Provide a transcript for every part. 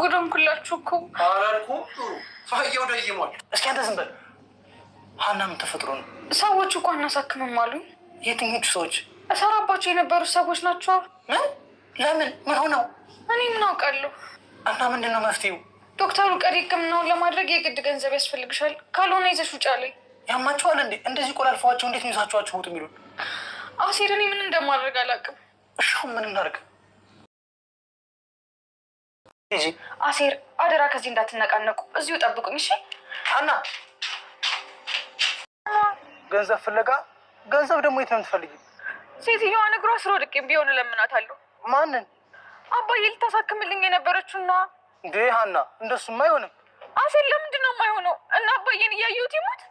ጉድን ኩላችሁ እኮ አላልኩ ፋየው ደይሟል። እስኪ አንተ ዝም በል ሀና፣ ምን ተፈጥሮ ነው? ሰዎቹ እኮ አናሳክምም አሉ። የትኞቹ ሰዎች? እሰራባቸው የነበሩት ሰዎች ናቸው። ምን? ለምን? ምን ሆነው? እኔ ምን አውቃለሁ። እና ምንድን ነው መፍትሄው? ዶክተሩ ቀሪ ሕክምናውን ለማድረግ የግድ ገንዘብ ያስፈልግሻል፣ ካልሆነ ይዘሽ ውጭ አለኝ። ያማቸዋል እንዴ? እንደዚህ ቆላልፈዋቸው እንዴት ነው ይዛችኋችሁ ቦት የሚሉን? አሴር፣ እኔ ምን እንደማድረግ አላውቅም። እሺ ምን እናድርግ? ልጅ አሴር አደራ፣ ከዚህ እንዳትነቃነቁ እዚሁ ጠብቁኝ። እሺ። አና ገንዘብ ፍለጋ ገንዘብ ደግሞ የት ነው የምትፈልጊው? ሴትዮዋ እግሯ ስር ወድቄም ቢሆን እለምናታለሁ። ማንን? አባዬ ልታሳክምልኝ የነበረችውና። እንዴ ሀና፣ እንደሱም አይሆንም። አሴር ለምንድን ነው የማይሆነው? እና አባዬን እያየሁት ይሞት።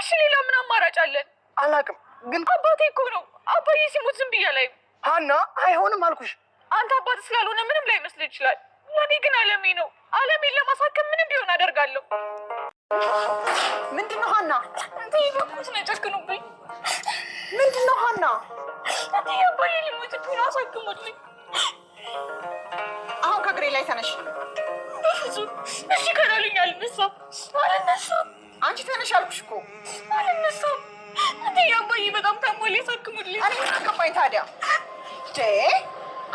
እሺ፣ ሌላ ምን አማራጭ አለን? አላቅም፣ ግን አባቴ እኮ ነው። አባዬ ሲሞት ዝም ብያ ላይ ሀና፣ አይሆንም አልኩሽ። አንተ አባት ስላልሆነ ምንም ላይ መስል ይችላል ለኔ ግን አለሜ ነው። አለሜን ለማሳከም ምንም ቢሆን አደርጋለሁ። ምንድን ነው ሀና? እንትን የበኩት ነው የጨክኑብኝ። ምንድን ነው ሀና? እንትን የአባዬ ሊሞት ቢሆን አሳክሙልኝ። አሁን ከእግሬ ላይ ተነሽ። እሺ ከላሉኝ አልነሳም፣ አልነሳም። አንቺ ተነሽ አልኩሽ እኮ አልነሳም። እንትን የአባዬ በጣም ታሟል፣ ያሳክሙልኝ። ታዲያ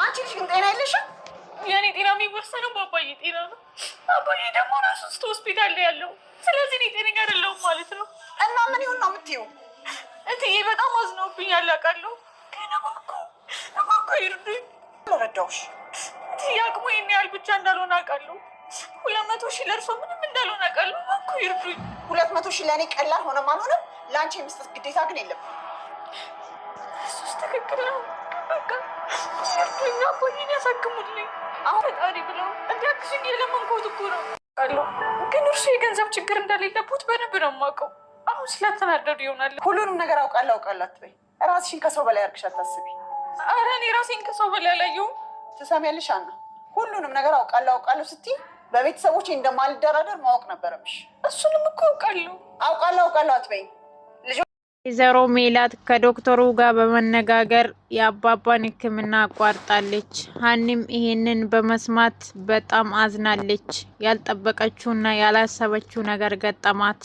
አንቺ ልጅ ግን ጤና የለሽም የእኔ ጤና የሚወሰነው በአባዬ ጤና ነው። አባዬ ደግሞ ራሱ ስቶ ሆስፒታል ላይ ያለው፣ ስለዚህ እኔ ጤነኛ አይደለሁም ማለት ነው። እና ምን ይሁን ነው የምትይው? እትዬ በጣም አዝነውብኝ ያላቃለሁ። ግን እባክዎ እባክዎ ይርዱኝ። ረዳውሽ እትዬ፣ አቅሙ ይህን ያህል ብቻ እንዳልሆነ አውቃለሁ። ሁለት መቶ ሺህ ለእርሶ ምንም እንዳልሆነ አውቃለሁ። እባክዎ ይርዱኝ። ሁለት መቶ ሺህ ለእኔ ቀላል ሆነም አልሆነም ለአንቺ የመስጠት ግዴታ ግን የለም። እሱስ ትክክል ነው በቃ ሰርተኛ ኮኔን ያሳክሙልኝ። አሁን ፈጣሪ ብለው እንዲያግዙኝ የለመንኩት እኮ ነው ቃለሁ። ግን እርሱ የገንዘብ ችግር እንደሌለቦት በደንብ ነው የማውቀው። አሁን ስለተናደዱ ይሆናል። ሁሉንም ነገር አውቃለሁ አውቃለሁ አትበይ። ራስሽን ከሰው በላይ አድርግሽ አታስቢ። ኧረ እኔ ራሴን ከሰው በላይ አላየሁም። ትሰሚያለሽ አና፣ ሁሉንም ነገር አውቃለሁ አውቃለሁ ስትይ በቤተሰቦች እንደማልደራደር ማወቅ ነበረብሽ። እሱንም እኮ አውቃለሁ አውቃለሁ አውቃለሁ አትበይ። ወይዘሮ ሜላት ከዶክተሩ ጋር በመነጋገር የአባባን ሕክምና አቋርጣለች። ሀኒም ይሄንን በመስማት በጣም አዝናለች። ያልጠበቀችውና ያላሰበችው ነገር ገጠማት።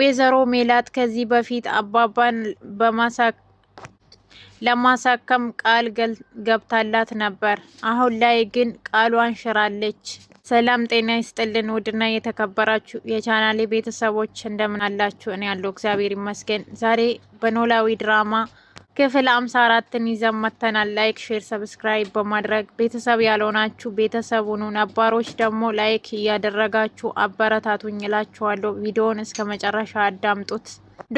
ወይዘሮ ሜላት ከዚህ በፊት አባባን ለማሳከም ቃል ገብታላት ነበር። አሁን ላይ ግን ቃሏን ሽራለች። ሰላም ጤና ይስጥልን። ውድና የተከበራችሁ የቻናሌ ቤተሰቦች እንደምን አላችሁ? እኔ ያለው እግዚአብሔር ይመስገን። ዛሬ በኖላዊ ድራማ ክፍል አምሳ አራትን ይዘን መጥተናል። ላይክ፣ ሼር፣ ሰብስክራይብ በማድረግ ቤተሰብ ያልሆናችሁ ቤተሰቡኑ ነባሮች ደግሞ ላይክ እያደረጋችሁ አበረታቱኝ እላችኋለሁ። ቪዲዮውን እስከ መጨረሻ አዳምጡት።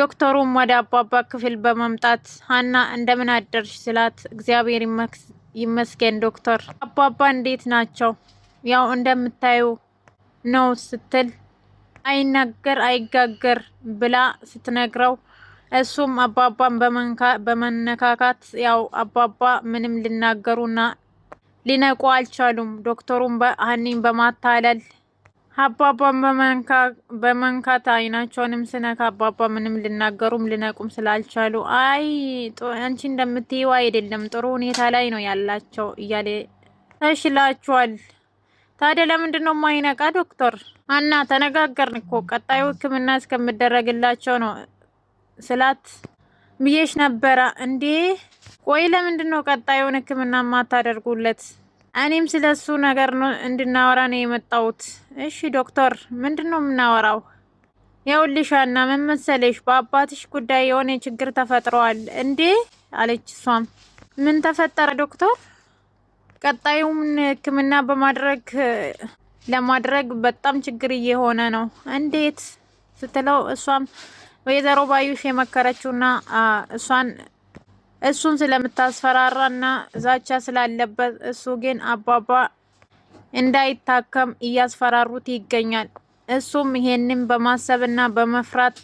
ዶክተሩም ወደ አባባ ክፍል በመምጣት ሀና እንደምን አደርሽ ስላት እግዚአብሔር ይመስገን ዶክተር አባባ እንዴት ናቸው ያው እንደምታዩ ነው ስትል አይናገር አይጋገር ብላ ስትነግረው እሱም አባባን በመነካካት ያው አባባ ምንም ሊናገሩና ሊነቁ አልቻሉም። ዶክተሩም ሀኒን በማታለል አባባን በመንካት አይናቸውንም ስነካ አባባ ምንም ሊናገሩም ሊነቁም ስላልቻሉ አይ አንቺ እንደምትይው አይደለም ጥሩ ሁኔታ ላይ ነው ያላቸው እያለ ተሽላችኋል ታዲያ ለምንድን ነው የማይነቃ? ዶክተር አና ተነጋገርን እኮ ቀጣዩ ሕክምና እስከምደረግላቸው ነው ስላት ብዬሽ ነበረ እንዴ? ቆይ ለምንድን ነው ቀጣዩን ሕክምና ማታደርጉለት? እኔም ስለ እሱ ነገር ነው እንድናወራ ነው የመጣሁት። እሺ ዶክተር ምንድን ነው የምናወራው? የውልሻና ምን መሰለሽ በአባትሽ ጉዳይ የሆነ ችግር ተፈጥረዋል። እንዴ አለች እሷም ምን ተፈጠረ ዶክተር ቀጣዩን ህክምና በማድረግ ለማድረግ በጣም ችግር እየሆነ ነው እንዴት ስትለው እሷም ወይዘሮ ባዩሽ የመከረችውና እሷን እሱን ስለምታስፈራራና ዛቻ ስላለበት እሱ ግን አባባ እንዳይታከም እያስፈራሩት ይገኛል። እሱም ይሄንን እና በመፍራት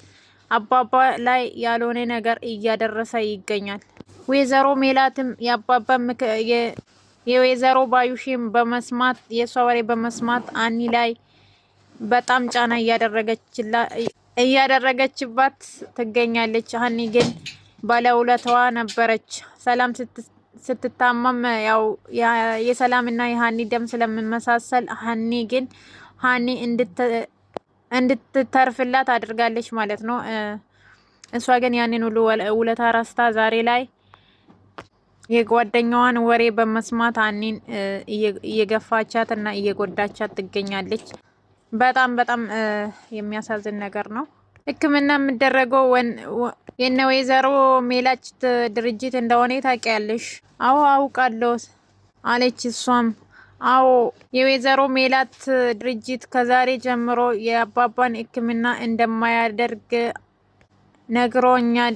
አባባ ላይ ያልሆነ ነገር እያደረሰ ይገኛል። ወይዘሮ ሜላትም የአባባ የወይዘሮ ባዩሽም በመስማት የእሷ ወሬ በመስማት አኒ ላይ በጣም ጫና እያደረገችባት ትገኛለች። አኒ ግን ባለውለታዋ ነበረች። ሰላም ስትታመም ያው የሰላምና የሀኒ ደም ስለምመሳሰል ሀኒ ግን ሀኒ እንድትተርፍላት አድርጋለች ማለት ነው። እሷ ግን ያንን ሁሉ ውለታ ረስታ ዛሬ ላይ የጓደኛዋን ወሬ በመስማት አኒን እየገፋቻት እና እየጎዳቻት ትገኛለች። በጣም በጣም የሚያሳዝን ነገር ነው። ሕክምና የምደረገው የነ ወይዘሮ ሜላችት ድርጅት እንደሆነ ታውቂያለሽ? አዎ አውቃለሁ አለች። እሷም አዎ የወይዘሮ ሜላት ድርጅት ከዛሬ ጀምሮ የአባባን ህክምና እንደማያደርግ ነግሮኛል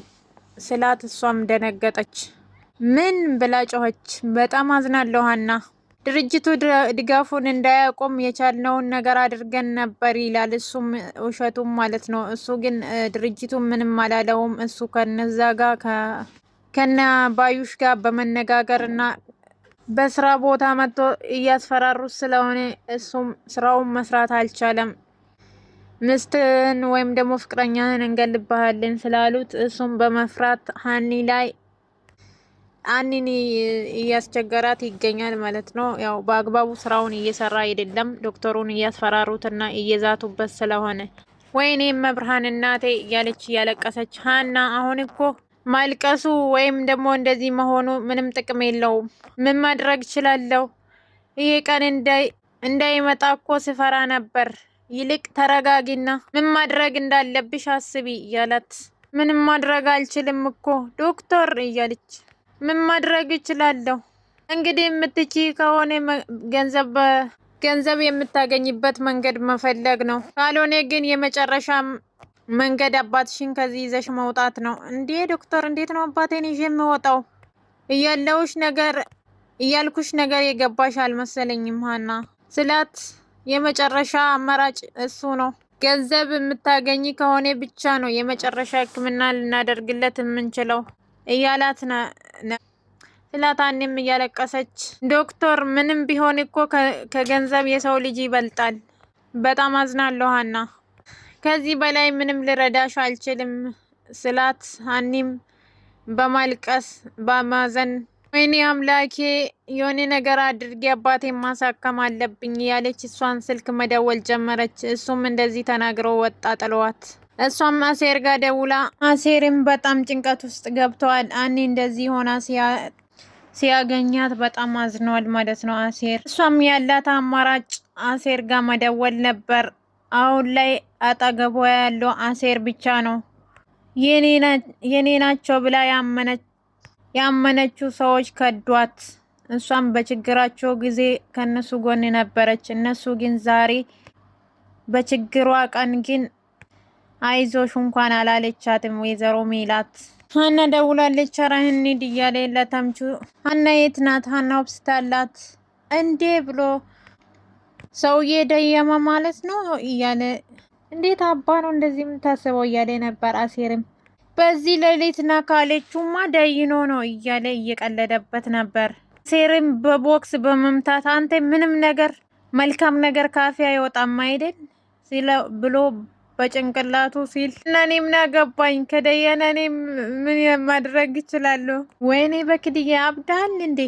ስላት እሷም ደነገጠች። ምን ብላ ጮኸች። በጣም አዝናለሁ ሀና ድርጅቱ ድጋፉን እንዳያቆም የቻልነውን ነገር አድርገን ነበር ይላል። እሱም ውሸቱም ማለት ነው። እሱ ግን ድርጅቱ ምንም አላለውም። እሱ ከነዛ ጋር ከነ ባዩሽ ጋር በመነጋገር እና በስራ ቦታ መጥቶ እያስፈራሩት ስለሆነ እሱም ስራውን መስራት አልቻለም። ምስትን ወይም ደግሞ ፍቅረኛህን እንገልባሃለን ስላሉት እሱም በመፍራት ሀኒ ላይ አኒን እያስቸገራት ይገኛል ማለት ነው። ያው በአግባቡ ስራውን እየሰራ አይደለም። ዶክተሩን እያስፈራሩትና እየዛቱበት ስለሆነ ወይኔ መብርሃን እናቴ እያለች እያለቀሰች ሀና አሁን እኮ ማልቀሱ ወይም ደግሞ እንደዚህ መሆኑ ምንም ጥቅም የለውም። ምን ማድረግ እችላለሁ? ይሄ ቀን እንዳይመጣ እኮ ስፈራ ነበር። ይልቅ ተረጋጊና ምን ማድረግ እንዳለብሽ አስቢ እያላት ምንም ማድረግ አልችልም እኮ ዶክተር እያለች ምን ማድረግ እችላለሁ? እንግዲህ የምትቺ ከሆነ ገንዘብ ገንዘብ የምታገኝበት መንገድ መፈለግ ነው። ካልሆነ ግን የመጨረሻ መንገድ አባትሽን ከዚህ ይዘሽ መውጣት ነው። እንዴ ዶክተር፣ እንዴት ነው አባቴን ይዤ የምወጣው? እያለውሽ ነገር እያልኩሽ ነገር የገባሽ አልመሰለኝም ሀና ስላት የመጨረሻ አማራጭ እሱ ነው። ገንዘብ የምታገኝ ከሆነ ብቻ ነው የመጨረሻ ሕክምና ልናደርግለት የምንችለው። እያላት ትላታኔም እያለቀሰች ዶክተር፣ ምንም ቢሆን እኮ ከገንዘብ የሰው ልጅ ይበልጣል። በጣም አዝናለሁ ሀና፣ ከዚህ በላይ ምንም ልረዳሽ አልችልም ስላት ሀኒም በማልቀስ በማዘን ወይኔ አምላኬ የሆነ ነገር አድርጌ አባቴ ማሳከም አለብኝ እያለች እሷን ስልክ መደወል ጀመረች። እሱም እንደዚህ ተናግረው ወጣ ጥለዋት እሷም አሴር ጋር ደውላ አሴርም በጣም ጭንቀት ውስጥ ገብተዋል። አኔ እንደዚህ ሆና ሲያገኛት በጣም አዝነዋል ማለት ነው አሴር። እሷም ያላት አማራጭ አሴር ጋር መደወል ነበር። አሁን ላይ አጠገቧ ያለው አሴር ብቻ ነው። የኔ ናቸው ብላ ያመነችው ሰዎች ከዷት። እሷም በችግራቸው ጊዜ ከነሱ ጎን ነበረች። እነሱ ግን ዛሬ በችግሯ ቀን ግን አይዞሽ እንኳን አላለቻትም ወይዘሮ ሜላት። ሀና ደውላለች። ኧረ እንሂድ እያለ ለተምቹ ሀና የት ናት? ሀና ውብስታላት እንዴ ብሎ ሰውዬ ደየመ ማለት ነው እያለ እንዴት አባ ነው እንደዚህ የምታስበው እያለ ነበር። አሴርም በዚህ ሌሊት ና ካለችውማ ደይኖ ነው እያለ እየቀለደበት ነበር። አሴርም በቦክስ በመምታት አንተ ምንም ነገር መልካም ነገር ካፊያ አይወጣም አይደል ብሎ በጭንቅላቱ ሲል እና እኔ ምን አገባኝ ከደየነ እኔ ምን ማድረግ ይችላሉ? ወይኔ በክድዬ አብዳል እንዴ!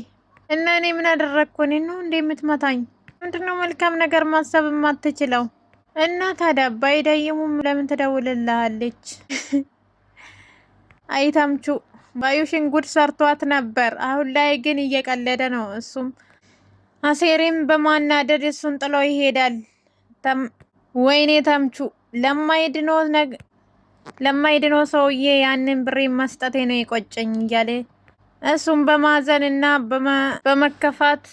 እና እኔ ምን አደረግኩ? እኔ ነው እንዴ የምትመታኝ? ምንድነው መልካም ነገር ማሰብ የማትችለው? እና ታዲያ ባይደይሙም ለምን ትደውልልሃለች? አይታምቹ ባዩሽን ጉድ ሰርቷት ነበር። አሁን ላይ ግን እየቀለደ ነው። እሱም አሴሪም በማናደድ እሱን ጥሎ ይሄዳል። ወይኔ ታምቹ ለማይድኖ ሰውዬ ያንን ብሬ መስጠቴ ነው ይቆጨኝ እያለ እሱም በማዘን እና በመከፋት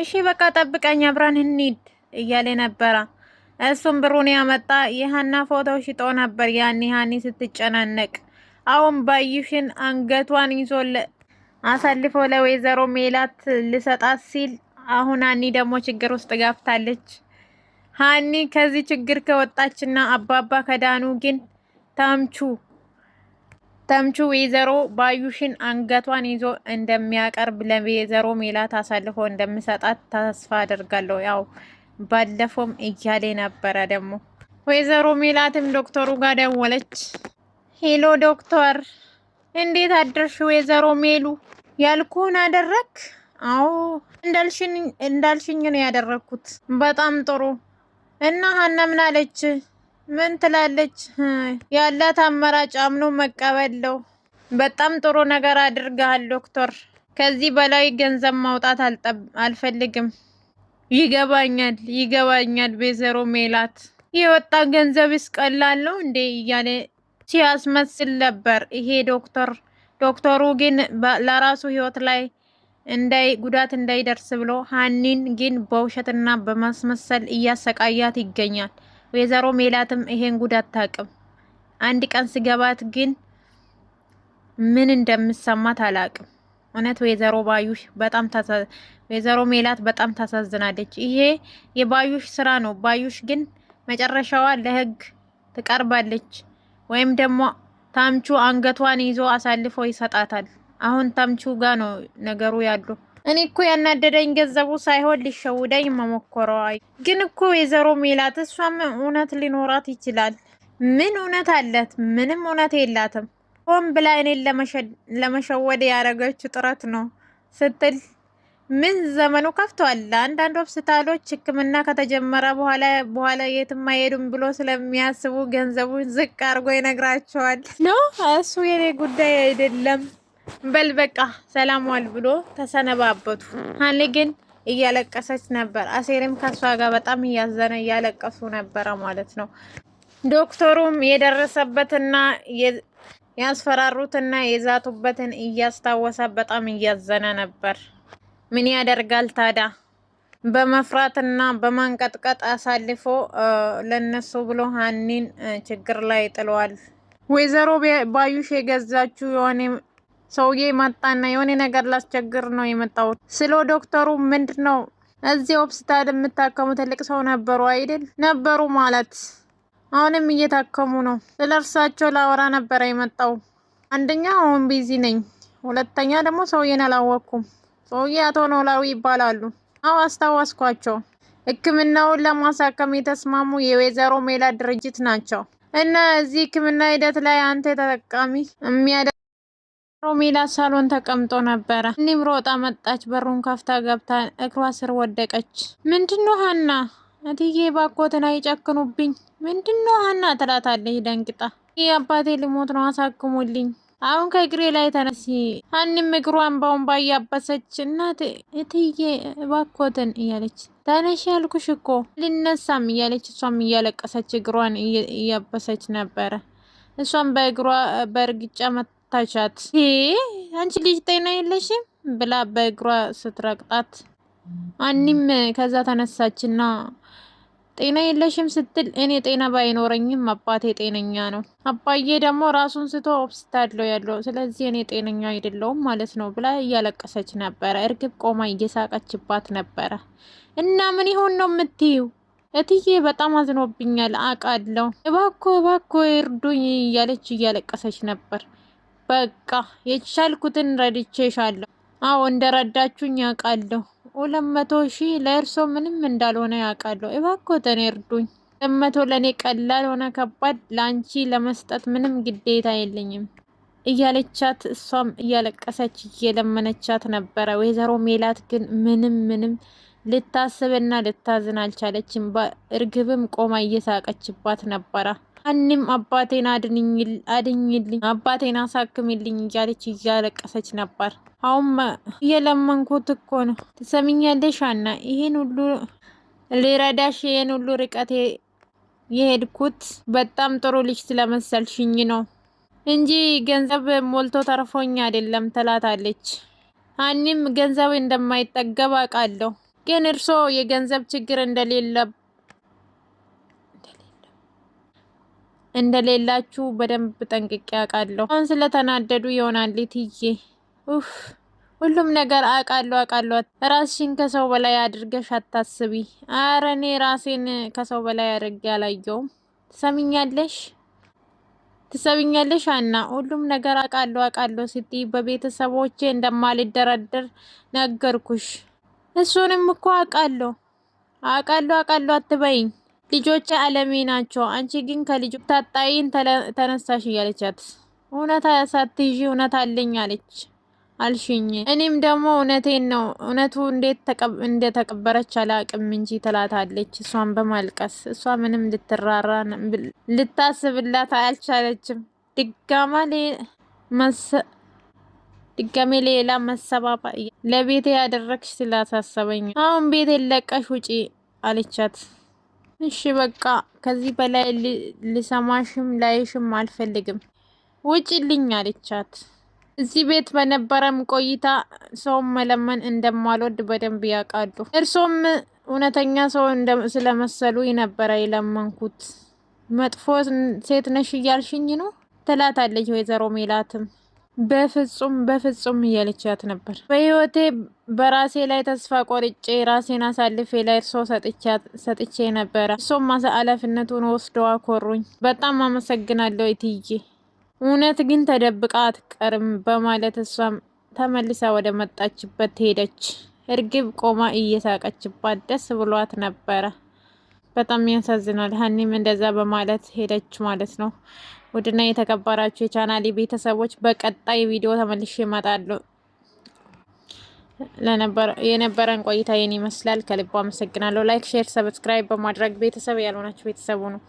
እሺ በቃ ጠብቀኝ አብረን እንሂድ እያለ ነበረ። እሱም ብሩን ያመጣ የሀና ፎቶ ሽጦ ነበር ያኔ ሀኒ ስትጨናነቅ። አሁን ባዩሽን አንገቷን ይዞ አሳልፎ ለወይዘሮ ሜላት ልሰጣት ሲል አሁን ሀኒ ደግሞ ችግር ውስጥ ጋፍታለች። ሀኒ ከዚህ ችግር ከወጣችና አባባ ከዳኑ ግን ተምቹ ተምቹ ወይዘሮ ባዩሽን አንገቷን ይዞ እንደሚያቀርብ ለወይዘሮ ሜላት አሳልፎ እንደሚሰጣት ተስፋ አደርጋለሁ። ያው ባለፈውም እያሌ ነበረ። ደግሞ ወይዘሮ ሜላትም ዶክተሩ ጋር ደወለች። ሄሎ ዶክተር፣ እንዴት አደርሽ? ወይዘሮ ሜሉ ያልኩህን አደረክ? አዎ እንዳልሽኝ ነው ያደረግኩት። በጣም ጥሩ እና ሀና ምን አለች? ምን ትላለች? ያላት አማራጭ አምኖ መቀበል ነው። በጣም ጥሩ ነገር አድርገሃል ዶክተር። ከዚህ በላይ ገንዘብ ማውጣት አልፈልግም። ይገባኛል፣ ይገባኛል ወይዘሮ ሜላት የወጣ ገንዘብስ ቀላል ነው እንዴ እያለ ሲያስመስል ነበር ይሄ ዶክተር። ዶክተሩ ግን ለራሱ ህይወት ላይ እንዳይ ጉዳት እንዳይደርስ ብሎ ሀኒን ግን በውሸትና በማስመሰል እያሰቃያት ይገኛል። ወይዘሮ ሜላትም ይሄን ጉዳት ታቅም አንድ ቀን ስገባት ግን ምን እንደምሰማት አላቅም። እውነት ወይዘሮ ባዩሽ በጣም ወይዘሮ ሜላት በጣም ታሳዝናለች። ይሄ የባዩሽ ስራ ነው። ባዩሽ ግን መጨረሻዋ ለህግ ትቀርባለች ወይም ደግሞ ታምቹ አንገቷን ይዞ አሳልፎ ይሰጣታል። አሁን ታምቹ ጋ ነው ነገሩ ያሉ። እኔ እኮ ያናደደኝ ገንዘቡ ሳይሆን ሊሸውደኝ መሞከሯ። ግን እኮ ወይዘሮ ሜላት እሷም እውነት ሊኖራት ይችላል። ምን እውነት አለት? ምንም እውነት የላትም። ሆን ብላ እኔን ለመሸወድ ያደረገችው ጥረት ነው ስትል ምን ዘመኑ ከፍቷል። አንዳንድ ሆስፒታሎች ሕክምና ከተጀመረ በኋላ በኋላ የትም አይሄዱም ብሎ ስለሚያስቡ ገንዘቡን ዝቅ አድርጎ ይነግራቸዋል። ነው እሱ የኔ ጉዳይ አይደለም። በል በቃ ሰላም ዋል ብሎ ተሰነባበቱ። ሀኒ ግን እያለቀሰች ነበር። አሴርም ከእሷ ጋር በጣም እያዘነ እያለቀሱ ነበረ ማለት ነው። ዶክተሩም የደረሰበትና ያስፈራሩትና የዛቱበትን እያስታወሰ በጣም እያዘነ ነበር። ምን ያደርጋል ታዲያ በመፍራትና በማንቀጥቀጥ አሳልፎ ለነሱ ብሎ ሀኒን ችግር ላይ ጥለዋል። ወይዘሮ ባዩሽ የገዛችው የሆነ ሰውዬ መጣና የሆነ ነገር ላስቸግር ነው የመጣሁት። ስለ ዶክተሩ ምንድን ነው እዚህ ሆስፒታል የምታከሙ ትልቅ ሰው ነበሩ አይደል? ነበሩ ማለት አሁንም እየታከሙ ነው። ስለ እርሳቸው ላወራ ነበረ የመጣው። አንደኛ አሁን ቢዚ ነኝ፣ ሁለተኛ ደግሞ ሰውዬን አላወቅኩም። ሰውዬ አቶ ኖላዊ ይባላሉ። አዎ አስታወስኳቸው። ሕክምናውን ለማሳከም የተስማሙ የወይዘሮ ሜላ ድርጅት ናቸው እና እዚህ ሕክምና ሂደት ላይ አንተ ተጠቃሚ የሚያደ ሮሜላ ሳሎን ተቀምጦ ነበረ። እኒም ሮጣ መጣች። በሩን ከፍታ ገብታ እግሯ ስር ወደቀች። ምንድነው ሀና? እትዬ ባኮትን አይጨክኑብኝ። ምንድነው ሀና ትላታለች ደንግጣ። ይህ አባቴ ሊሞት ነው አሳክሙልኝ። አሁን ከእግሬ ላይ ተነሲ። ሀኒም እግሯን በአሁን ባያበሰች እናት እትዬ ባኮትን እያለች ተነሽ ያልኩሽ እኮ ልነሳም እያለች እሷም እያለቀሰች እግሯን እያበሰች ነበረ። እሷም በእግሯ በእርግጫ መታቻት። አንቺ ልጅ ጤና የለሽም ብላ በእግሯ ስትረቅጣት አኒም ከዛ ተነሳችና ጤና የለሽም ስትል እኔ ጤና ባይኖረኝም አባቴ ጤነኛ ነው፣ አባዬ ደግሞ ራሱን ስቶ ሆስፒታል ያለው ስለዚህ እኔ ጤነኛ አይደለውም ማለት ነው ብላ እያለቀሰች ነበረ። እርግብ ቆማ እየሳቀችባት ነበረ። እና ምን ይሆን ነው የምትይው? እትዬ በጣም አዝኖብኛል አውቃለሁ፣ እባኮ እባኮ እርዱኝ እያለች እያለቀሰች ነበር። በቃ የቻልኩትን ረድቼሻለሁ። አዎ እንደረዳችሁኝ ያውቃለሁ። ሁለት መቶ ሺህ ለእርሶ ምንም እንዳልሆነ ያውቃለሁ። እባክዎትን እርዱኝ። ሁለት መቶ ለእኔ ቀላል ሆነ ከባድ፣ ለአንቺ ለመስጠት ምንም ግዴታ የለኝም እያለቻት እሷም እያለቀሰች እየለመነቻት ነበረ። ወይዘሮ ሜላት ግን ምንም ምንም ልታስብና ልታዝን አልቻለችም። እርግብም ቆማ እየሳቀችባት ነበረ። አንም አባቴን አድኝልኝ፣ አባቴን አሳክምልኝ እያለች እያለቀሰች ነበር። አሁን እየለመንኩት እኮ ነው። ትሰሚኛለሽ አና፣ ይህን ሁሉ ሊረዳሽ ይህን ሁሉ ርቀት የሄድኩት በጣም ጥሩ ልጅ ስለመሰልሽኝ ነው እንጂ ገንዘብ ሞልቶ ተርፎኝ አይደለም ትላታለች። አንም ገንዘብ እንደማይጠገብ አውቃለሁ ግን እርሶ የገንዘብ ችግር እንደሌለ እንደሌላችሁ በደንብ ጠንቅቄ አውቃለሁ። አሁን ስለተናደዱ ይሆናል ትዬ ኡፍ ሁሉም ነገር አውቃለሁ አውቃለሁ። ራስሽን ከሰው በላይ አድርገሽ አታስቢ። አረ እኔ ራሴን ከሰው በላይ አድርጌ አላየውም። ትሰሚኛለሽ ትሰብኛለሽ አና፣ ሁሉም ነገር አውቃለሁ አውቃለሁ ስትይ በቤተሰቦቼ እንደማልደረደር ነገርኩሽ። እሱንም እኮ አውቃለሁ አውቃለሁ አውቃለሁ አትበይኝ። ልጆች አለሜ ናቸው። አንቺ ግን ከልጆች ታጣይን ተነሳሽ እያለቻት እውነት ሳትይዥ እውነት አለኝ አለች አልሽኝ። እኔም ደግሞ እውነቴን ነው እውነቱ እንደተቀበረች አላቅም እንጂ ትላታለች። እሷን በማልቀስ እሷ ምንም ልትራራ ልታስብላት አልቻለችም። ድጋማ ድጋሜ ሌላ መሰባባ ለቤቴ ያደረግሽ ስላሳሰበኝ አሁን ቤት ለቀሽ ውጪ አለቻት። እሺ በቃ ከዚህ በላይ ልሰማሽም ላይሽም አልፈልግም፣ ውጪልኝ አለቻት። እዚህ ቤት በነበረም ቆይታ ሰውን መለመን እንደማልወድ በደንብ ያውቃሉ። እርሶም እውነተኛ ሰው ስለመሰሉ ነበረ የለመንኩት። መጥፎ ሴት ነሽ እያልሽኝ ነው ትላታለች ወይዘሮ ሜላትም በፍጹም በፍጹም እያለቻት ነበር። በህይወቴ በራሴ ላይ ተስፋ ቆርጬ ራሴን አሳልፌ ላይ እርሶ ሰጥቼ ነበረ። እርሶም ኃላፊነቱን ወስዶ አኮሩኝ በጣም አመሰግናለሁ እትዬ። እውነት ግን ተደብቃ አትቀርም በማለት እሷም ተመልሳ ወደ መጣችበት ሄደች። እርግብ ቆማ እየሳቀችባት ደስ ብሏት ነበረ። በጣም ያሳዝናል። ሀኒም እንደዛ በማለት ሄደች ማለት ነው። ውድና የተከበራችሁ የቻናሌ ቤተሰቦች በቀጣይ ቪዲዮ ተመልሼ እመጣለሁ። የነበረን ቆይታ ይህን ይመስላል። ከልቦ አመሰግናለሁ። ላይክ፣ ሼር፣ ሰብስክራይብ በማድረግ ቤተሰብ ያልሆናችሁ ቤተሰቡ ነው።